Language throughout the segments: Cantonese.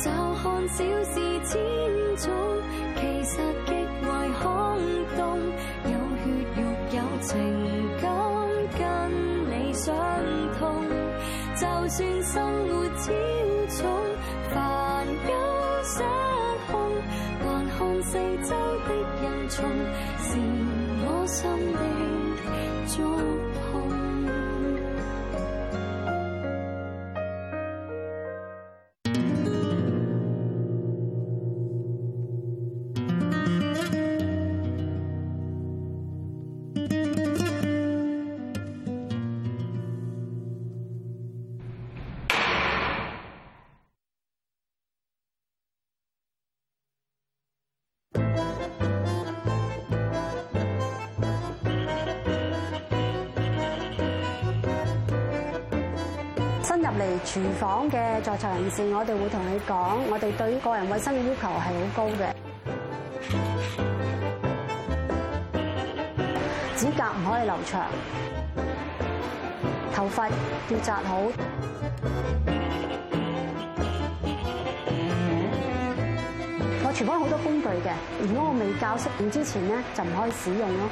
就看小事千種，其實極為空洞。有血肉有情感，跟你相通。就算生活超重，煩憂失控，還看四周的人叢，是我心的重。嚟廚房嘅在場人士，我哋會同你講，我哋對於個人衞生嘅要求係好高嘅。指甲唔可以留長，頭髮要紮好。我廚房有好多工具嘅，如果我未教識你之前咧，就唔可以使用咯。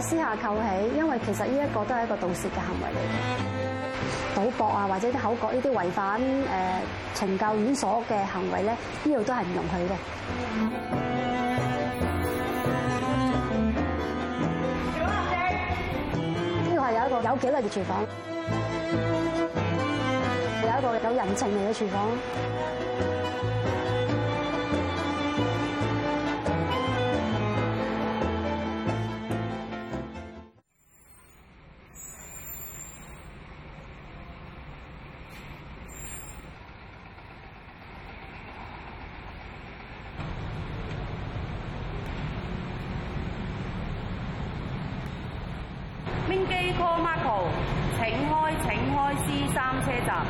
私下扣起，因為其實呢一個都係一個盜竊嘅行為嚟嘅，賭博啊、或者啲口角呢啲違反誒情教院所懲教院所嘅行為咧，呢度都係唔容許嘅。呢度係有一個有紀律嘅廚房，有一個有人情味嘅廚房。哥 Marco 請開，請開 C 三車站。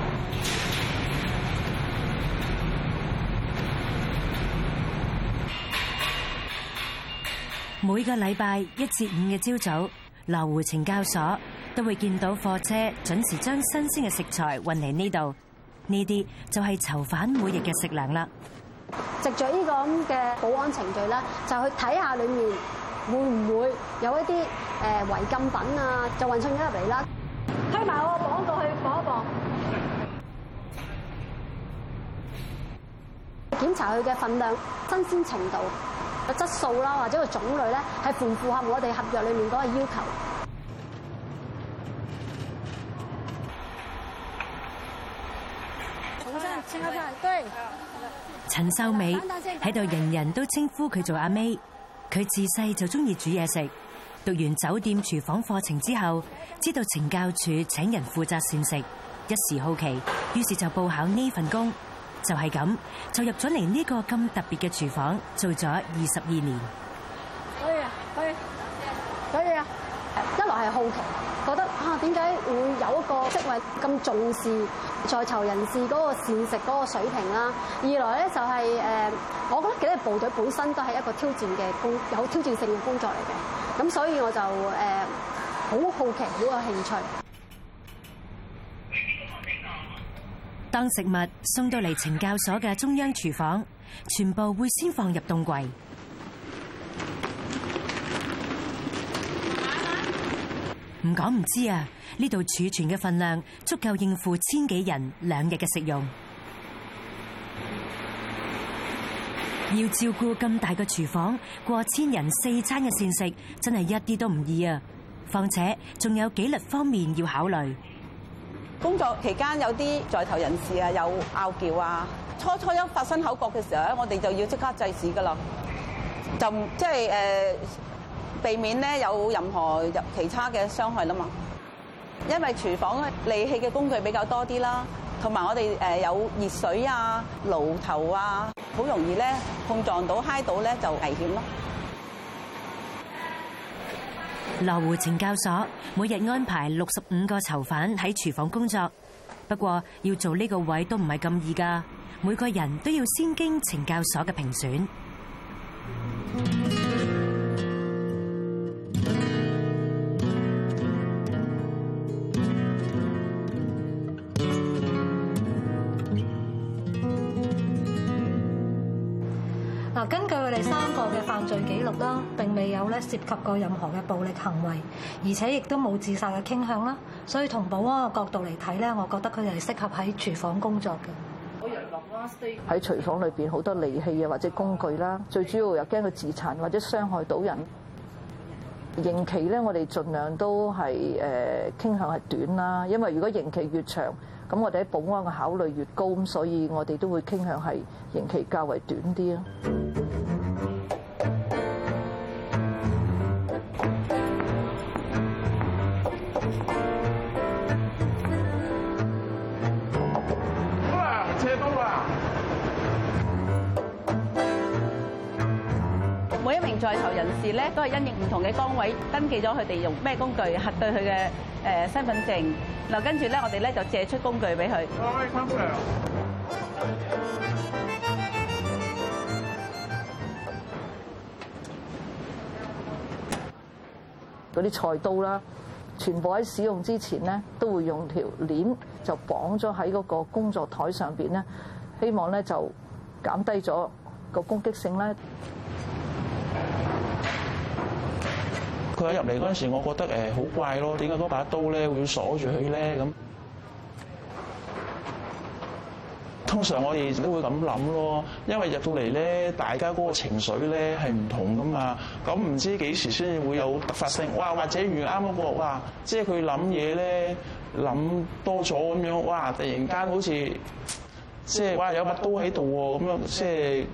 每個禮拜一至五嘅朝早，羅湖懲教所都會見到貨車準時將新鮮嘅食材運嚟呢度。呢啲就係囚犯每日嘅食糧啦，藉著呢個咁嘅保安程序啦，就去睇下裏面會唔會有一啲。誒違、呃、禁品啊，就運送咗入嚟啦。推埋我個磅過去磅一磅，檢查佢嘅份量、新鮮程度、個質素啦，或者個種類咧，係符唔符合我哋合約裏面嗰個要求。重新清一清，對。陳秀美喺度，人人都稱呼佢做阿 May，佢自細就中意煮嘢食，讀完酒店廚房課程之後，知道懲教署請人負責膳食，一時好奇，於是就報考呢份工。就係、是、咁，就入咗嚟呢個咁特別嘅廚房，做咗二十二年。所以啊，所以，所以啊。以以一來係好奇，覺得啊，點解會有一個職位咁重視在囚人士嗰個膳食嗰個水平啦？二來咧就係、是、誒、呃，我覺得紀律部隊本身都係一個挑戰嘅工，有挑戰性嘅工作嚟嘅。咁所以我就誒好好奇，好有興趣。當食物送到嚟懲教所嘅中央廚房，全部會先放入凍櫃。唔講唔知啊！呢度儲存嘅份量足夠應付千幾人兩日嘅食用。要照顧咁大個廚房，過千人四餐嘅膳食，真係一啲都唔易啊！況且仲有紀律方面要考慮。工作期間有啲在囚人士啊，有拗撬啊，初初一發生口角嘅時候咧，我哋就要即刻制止噶啦，就即係誒、呃，避免咧有任何入其他嘅傷害啦嘛。因為廚房咧，利器嘅工具比較多啲啦。同埋我哋誒有熱水啊、爐頭啊，好容易咧碰撞到嗨到咧就危險咯。羅湖懲教所每日安排六十五個囚犯喺廚房工作，不過要做呢個位都唔係咁易㗎，每個人都要先經懲教所嘅評選。 犯罪記錄啦，並未有咧涉及過任何嘅暴力行為，而且亦都冇自殺嘅傾向啦，所以從保安嘅角度嚟睇咧，我覺得佢哋係適合喺廚房工作嘅。喺廚房裏邊好多利器啊，或者工具啦，最主要又驚佢自殘或者傷害到人。刑期咧，我哋盡量都係誒傾向係短啦，因為如果刑期越長，咁我哋喺保安嘅考慮越高，所以我哋都會傾向係刑期較為短啲啊。都係因應唔同嘅崗位，登記咗佢哋用咩工具，核對佢嘅誒身份證。嗱，跟住咧，我哋咧就借出工具俾佢。嗰啲菜刀啦，全部喺使用之前咧，都會用條鏈就綁咗喺嗰個工作台上邊咧，希望咧就減低咗個攻擊性咧。佢一入嚟嗰陣時，我覺得誒好怪咯。點解嗰把刀咧會鎖住佢咧？咁通常我哋都會咁諗咯，因為入到嚟咧，大家嗰個情緒咧係唔同㗎嘛。咁唔知幾時先會有突發性哇？或者如啱啱嗰個哇，即係佢諗嘢咧諗多咗咁樣哇，突然間好似即係哇有把刀喺度喎咁樣，即係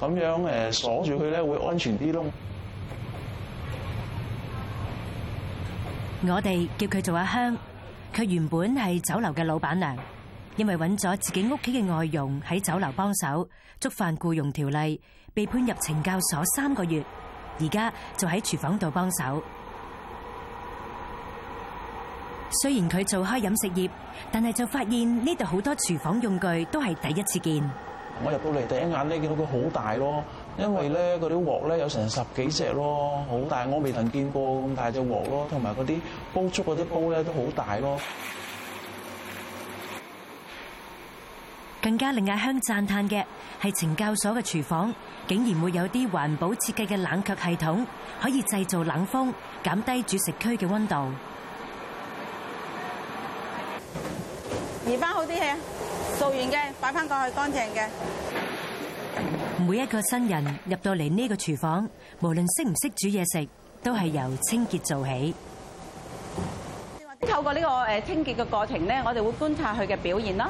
咁樣誒鎖住佢咧會安全啲咯。我哋叫佢做阿香，佢原本係酒樓嘅老闆娘，因為搵咗自己屋企嘅外傭喺酒樓幫手，觸犯僱傭條例，被判入懲教所三個月，而家就喺廚房度幫手。雖然佢做開飲食業，但係就發現呢度好多廚房用具都係第一次見。我入到嚟第一眼咧，見到佢好大咯。因為咧，嗰啲鑊咧有成十幾隻咯，好大。我未曾見過咁大隻鑊咯，同埋嗰啲煲粥嗰啲煲咧都好大咯。更加令阿香讚歎嘅係，懲教所嘅廚房竟然會有啲環保設計嘅冷卻系統，可以製造冷風，減低煮食區嘅温度。移翻好啲氣，做完嘅擺翻過去，乾淨嘅。每一個新人入到嚟呢個廚房，無論識唔識煮嘢食，都係由清潔做起。透過呢個誒清潔嘅過程咧，我哋會觀察佢嘅表現啦，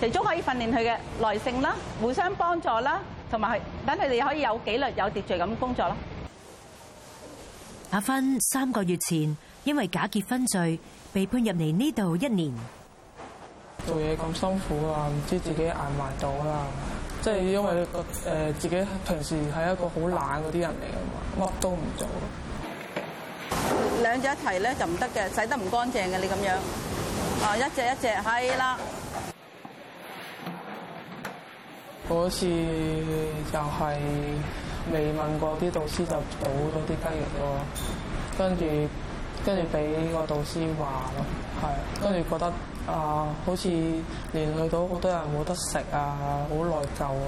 其中可以訓練佢嘅耐性啦，互相幫助啦，同埋等佢哋可以有紀律、有秩序咁工作啦。阿芬三個月前因為假結婚罪被判入嚟呢度一年，做嘢咁辛苦啊，唔知自己捱埋到啦。即係因為個誒、呃、自己平時係一個好懶嗰啲人嚟嘅嘛，乜都唔做。兩隻一齊咧就唔得嘅，洗得唔乾淨嘅你咁樣。啊，一隻一隻係啦。嗰次就係未問過啲導師就倒咗啲雞翼咯，跟住跟住俾個導師話咯，係啊，跟住覺得。啊、呃！好似連累到好多人冇得食啊，好內疚啊，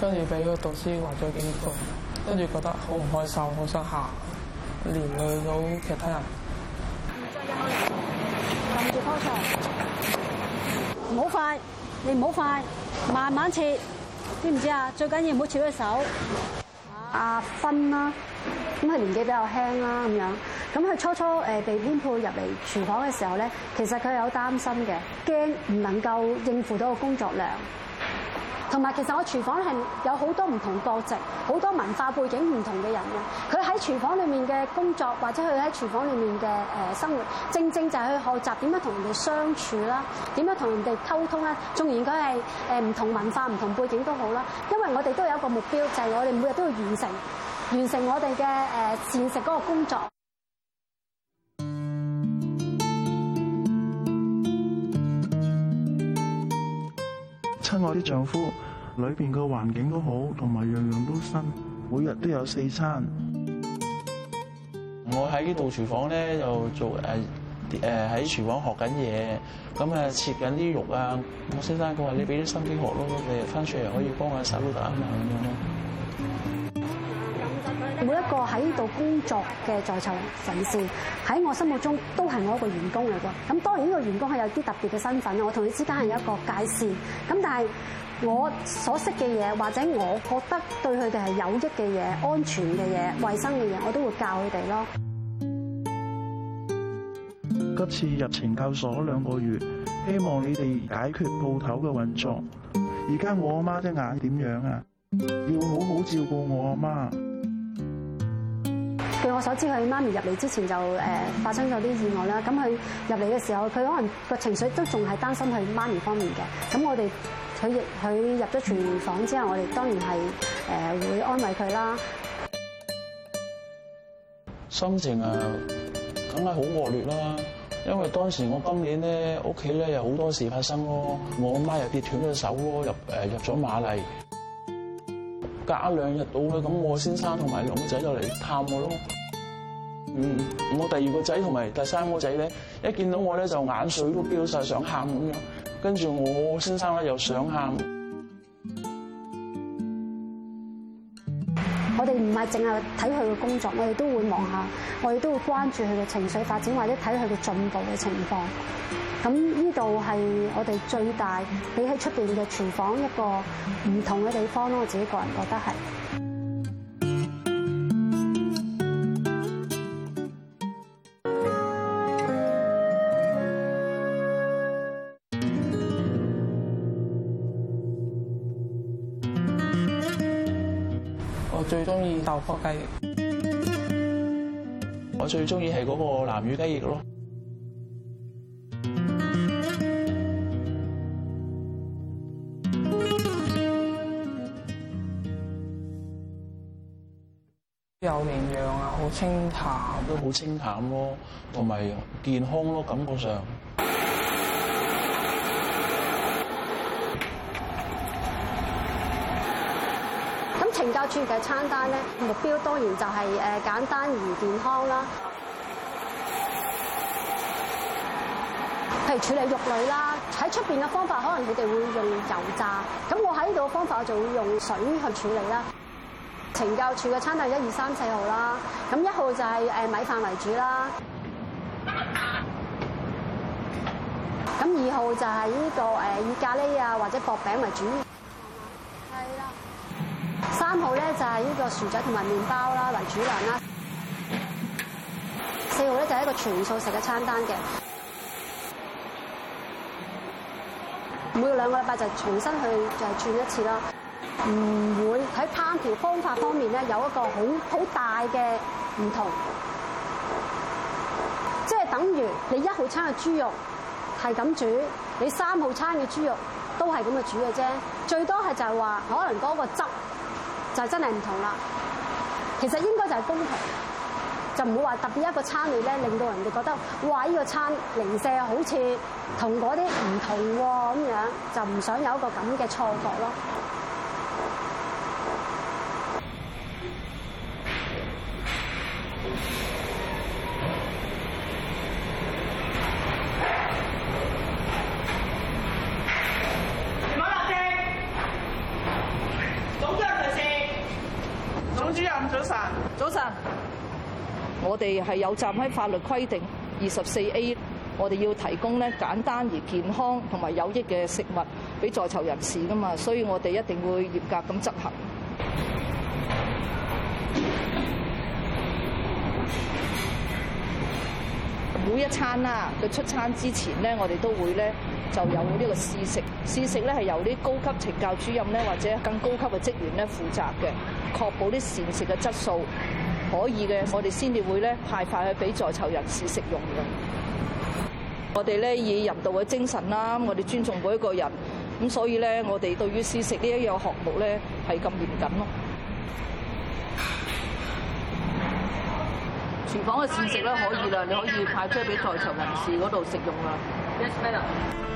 跟住俾個導師話咗幾句，跟住覺得好唔開心，好想行，連累到其他人。唔再入去，慢住拖場，唔好快，你唔好快，慢慢切，知唔知啊？最緊要唔好切到手。阿芬啦，咁佢年紀比較輕啦，咁樣。咁佢初初誒被編配入嚟廚房嘅時候咧，其實佢係有擔心嘅，驚唔能夠應付到個工作量。同埋，其實我廚房係有好多唔同國籍、好多文化背景唔同嘅人嘅。佢喺廚房裡面嘅工作，或者佢喺廚房裡面嘅誒生活，正正就係去學習點樣同人哋相處啦，點樣同人哋溝通啦。縱然佢係誒唔同文化、唔同背景都好啦，因為我哋都有一個目標，就係我哋每日都要完成完成我哋嘅誒膳食嗰個工作。我啲丈夫，裏邊個環境都好，同埋樣樣都新，每日都有四餐。我喺呢度廚房咧，就做誒誒喺廚房學緊嘢，咁、嗯、啊、呃、切緊啲肉啊。我先生佢話：你俾啲心機學咯，你翻出嚟可以幫下手打啊咁樣咯。 每一個喺呢度工作嘅在囚人士喺我心目中都係我一個員工嚟嘅。咁當然呢個員工係有啲特別嘅身份，我同你之間係有一個界線。咁但係我所識嘅嘢，或者我覺得對佢哋係有益嘅嘢、安全嘅嘢、衞生嘅嘢，我都會教佢哋咯。今次入懲教所兩個月，希望你哋解決鋪頭嘅運作。而家我阿媽隻眼點樣啊？要好好照顧我阿媽。據我所知，佢媽咪入嚟之前就誒、呃、發生咗啲意外啦。咁佢入嚟嘅時候，佢可能個情緒都仲係擔心佢媽咪方面嘅。咁我哋佢亦佢入咗廚房之後，我哋當然係誒、呃、會安慰佢啦。心情啊，梗係好惡劣啦、啊。因為當時我今年咧屋企咧有好多事發生咯、啊，我媽，媽又跌斷咗手咯、啊，入誒入咗瑪麗。隔兩日到啦，咁我先生同埋兩個仔就嚟探我咯。嗯，我第二個仔同埋第三個仔咧，一見到我咧就眼水都飆晒，想喊咁樣，跟住我先生咧又想喊。淨係睇佢嘅工作，我哋都會望下，我哋都會關注佢嘅情緒發展，或者睇佢嘅進步嘅情況。咁呢度係我哋最大比起出邊嘅廚房一個唔同嘅地方咯，我自己個人覺得係。火雞，我最中意係嗰個南乳雞翼咯，有營養啊，好清淡都好清淡咯，同埋健康咯，感覺上。懲教處嘅餐單咧，目標當然就係誒簡單而健康啦。譬如處理肉類啦，喺出邊嘅方法可能佢哋會用油炸，咁我喺呢度嘅方法我就會用水去處理啦。懲教處嘅餐單一二三四號啦，咁一號就係誒米飯為主啦，咁二號就係呢、這個誒以咖喱啊或者薄餅為主。三號咧就係呢個薯仔同埋麵包啦，嚟煮糧啦。四號咧就係一個全素食嘅餐單嘅。每個兩個禮拜就重新去就係、是、轉一次啦，唔會喺烹調方法方面咧有一個好好大嘅唔同，即係等於你一號餐嘅豬肉係咁煮，你三號餐嘅豬肉都係咁嘅煮嘅啫，最多係就係話可能嗰個汁。就真係唔同啦，其實應該就係公平， 就唔好話特別一個餐嚟咧，令到人哋覺得哇，呢個餐零舍好似同嗰啲唔同咁樣，就唔想有一個咁嘅錯覺咯。我哋係有站喺法律規定二十四 A，我哋要提供咧簡單而健康同埋有益嘅食物俾在囚人士噶嘛，所以我哋一定會嚴格咁執行。 每一餐啦，佢出餐之前呢，我哋都會呢就有呢個試食，試食呢係由啲高級懲教主任呢，或者更高級嘅職員呢負責嘅，確保啲膳食嘅質素。可以嘅，我哋先至會咧派快去俾在囚人士食用嘅。我哋咧以人道嘅精神啦，我哋尊重每一個人，咁所以咧我哋對於膳食項呢一樣項目咧係咁嚴謹咯。 廚房嘅膳食咧可以啦，你可以派出去俾在囚人士嗰度食用啦。Yes, madam.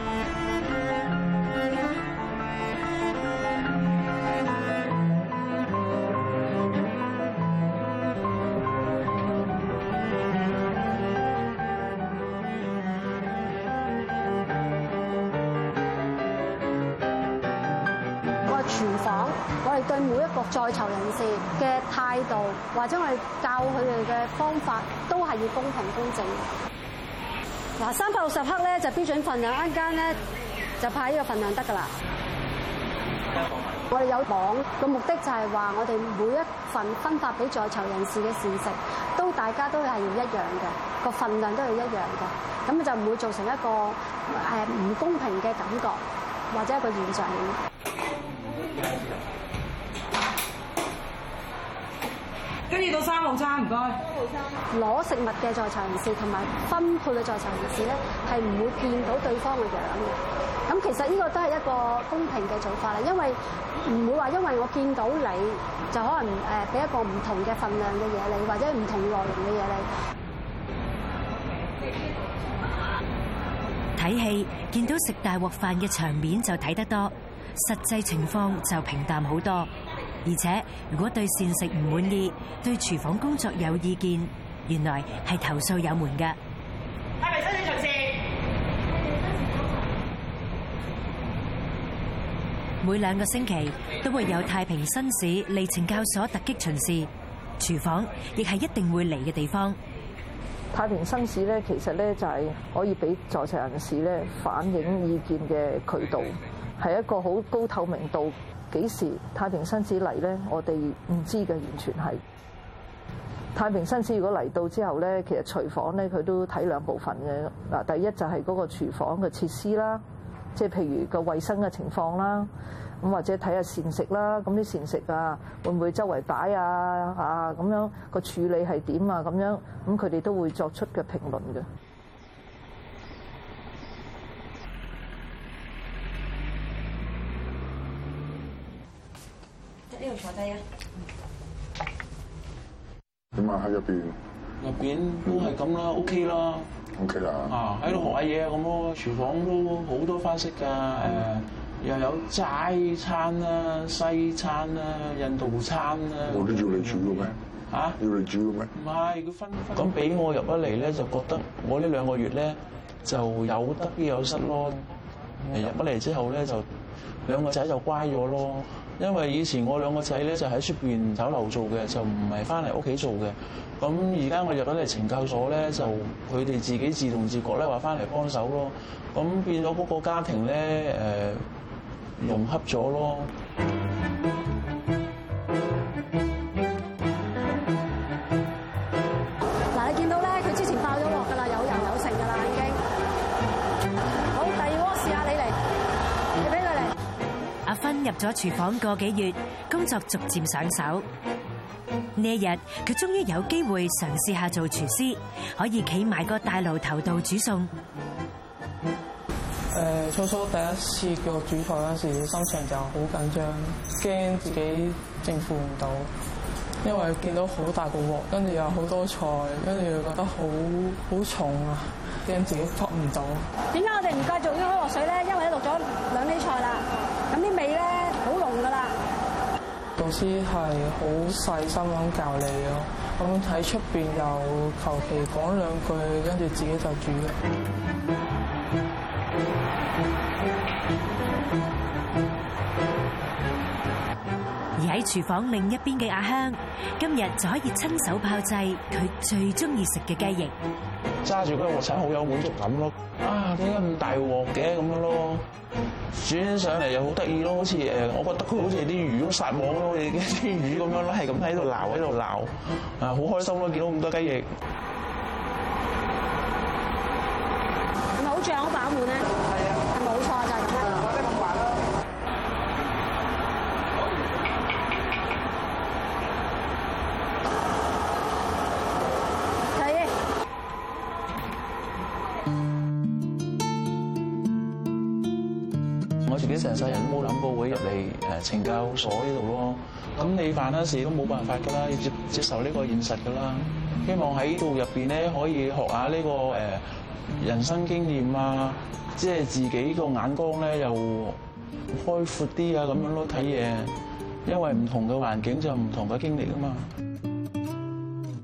廚房，我哋對每一個在囚人士嘅態度，或者我哋教佢哋嘅方法，都係要公平公正。嗱，三百六十克咧就標準份量，一間咧就派呢個份量得噶啦。我哋有磅嘅目的就係話，我哋每一份分發俾在囚人士嘅膳食，都大家都係一樣嘅，個份量都係一樣嘅，咁就唔會造成一個誒唔、呃、公平嘅感覺，或者一個現象。跟住到三號餐，唔該。三號餐攞食物嘅在囚人士同埋分配嘅在囚人士咧，係唔會見到對方嘅樣嘅。咁其實呢個都係一個公平嘅做法啦，因為唔會話因為我見到你，就可能誒俾一個唔同嘅份量嘅嘢你，或者唔同內容嘅嘢你。睇戲見到食大鑊飯嘅場面就睇得多。實際情況就平淡好多，而且如果對膳食唔滿意，對廚房工作有意見，原來係投訴有門㗎。太平紳士巡視，每兩個星期都會有太平紳士嚟懲教所突擊巡視廚房，亦係一定會嚟嘅地方。太平紳士呢，其實呢就係可以俾在囚人士呢反映意見嘅渠道。係一個好高透明度，幾時太平紳士嚟咧？我哋唔知嘅，完全係太平紳士。如果嚟到之後咧，其實廚房咧佢都睇兩部分嘅嗱，第一就係嗰個廚房嘅設施啦，即係譬如個衞生嘅情況啦，咁或者睇下膳食啦，咁啲膳食啊會唔會周圍擺啊，啊咁樣個處理係點啊，咁樣，咁佢哋都會作出嘅評論嘅。呢度坐低啊！點啊？喺入邊？入邊都係咁啦，OK 啦。OK 啦。啊，喺度學下嘢咁咯。廚房都好多花式噶，誒、嗯、又有齋餐啦、西餐啦、印度餐啦。我都叫你煮嘅咩？嚇、啊？要你煮嘅咩？唔係、啊，佢分，分。咁俾我入得嚟咧，就覺得我呢兩個月咧就有得必有失咯。入得嚟之後咧，就兩個仔就乖咗咯。因為以前我兩個仔咧就喺出邊酒樓做嘅，就唔係翻嚟屋企做嘅。咁而家我入咗嚟懲教所咧，就佢哋自己自動自覺咧話翻嚟幫手咯。咁變咗嗰個家庭咧誒融洽咗咯。入咗廚房個幾月，工作逐漸上手。呢一日佢終於有機會嘗試下做廚師，可以企埋個大爐頭度煮餸。誒、呃，初初第一次做煮菜嗰陣時，心情就好緊張，驚自己應付唔到。因為見到好大個鑊，跟住又好多菜，跟住又覺得好好重啊，驚自己扑唔到。點解我哋唔繼續開落水咧？因為咧落咗兩味菜啦，咁啲味咧。老師係好細心咁教你咯，咁喺出邊又求其講兩句，跟住自己就煮。而喺廚房另一邊嘅阿香，今日就可以親手炮製佢最中意食嘅雞翼，揸住個鑊鏟好有滿足感咯。啊，點解咁大鑊嘅咁樣咯？轉起上嚟又好得意咯，好似誒，我覺得佢好似啲魚喐撒網咯，好似啲魚咁樣咯，係咁喺度鬧喺度鬧啊，好開心咯，見到咁多雞翼，係咪好漲好飽滿咧？研究所呢度咯，咁你犯咗事都冇辦法噶啦，要接接受呢個現實噶啦。希望喺度入邊咧可以學下呢個誒人生經驗啊，即係自己個眼光咧又開闊啲啊，咁樣咯睇嘢。因為唔同嘅環境就唔同嘅經歷啊嘛。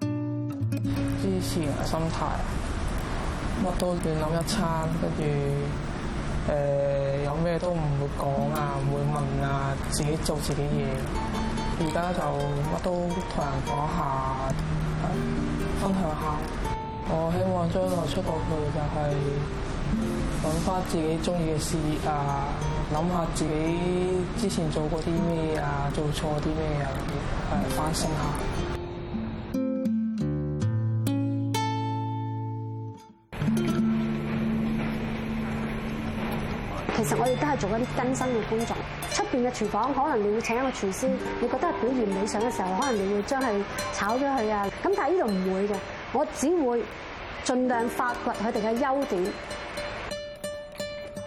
之前嘅心態，乜都亂諗一餐，跟住。誒、呃、有咩都唔會講啊，唔會問啊，自己做自己嘢。而家就乜都同人講下、呃，分享下。我希望將來出到去就係揾翻自己中意嘅事業啊，諗下自己之前做過啲咩啊，做錯啲咩啊，誒、反省下。其實我哋都係做一啲更新嘅工作，出邊嘅廚房可能你會請一個廚師，你覺得係表現理想嘅時候，可能你會將佢炒咗佢啊。咁但係呢度唔會嘅，我只會盡量發掘佢哋嘅優點。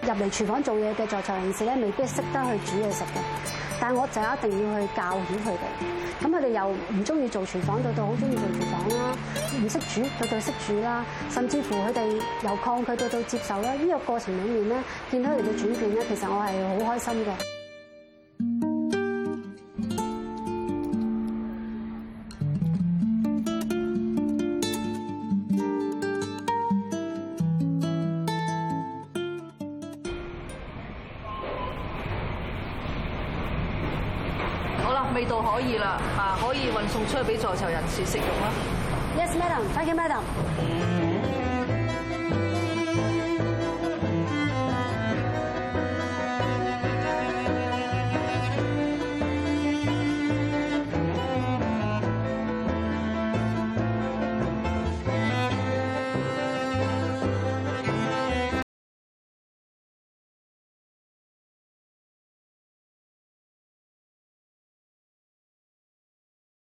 入嚟廚房做嘢嘅在囚人士咧，未必識得去煮嘢食嘅，但係我就一定要去教曉佢哋。佢哋由唔中意做廚房，到到好中意做廚房啦；唔識、嗯、煮，到到識煮啦。甚至乎佢哋由抗拒到到接受啦。呢、呢個過程裏面咧，見到佢哋嘅轉變咧，其實我係好開心嘅。味道可以啦啊，可以運送出去俾在囚人士食用啦 Yes, Madam 快啲 Madam 嗯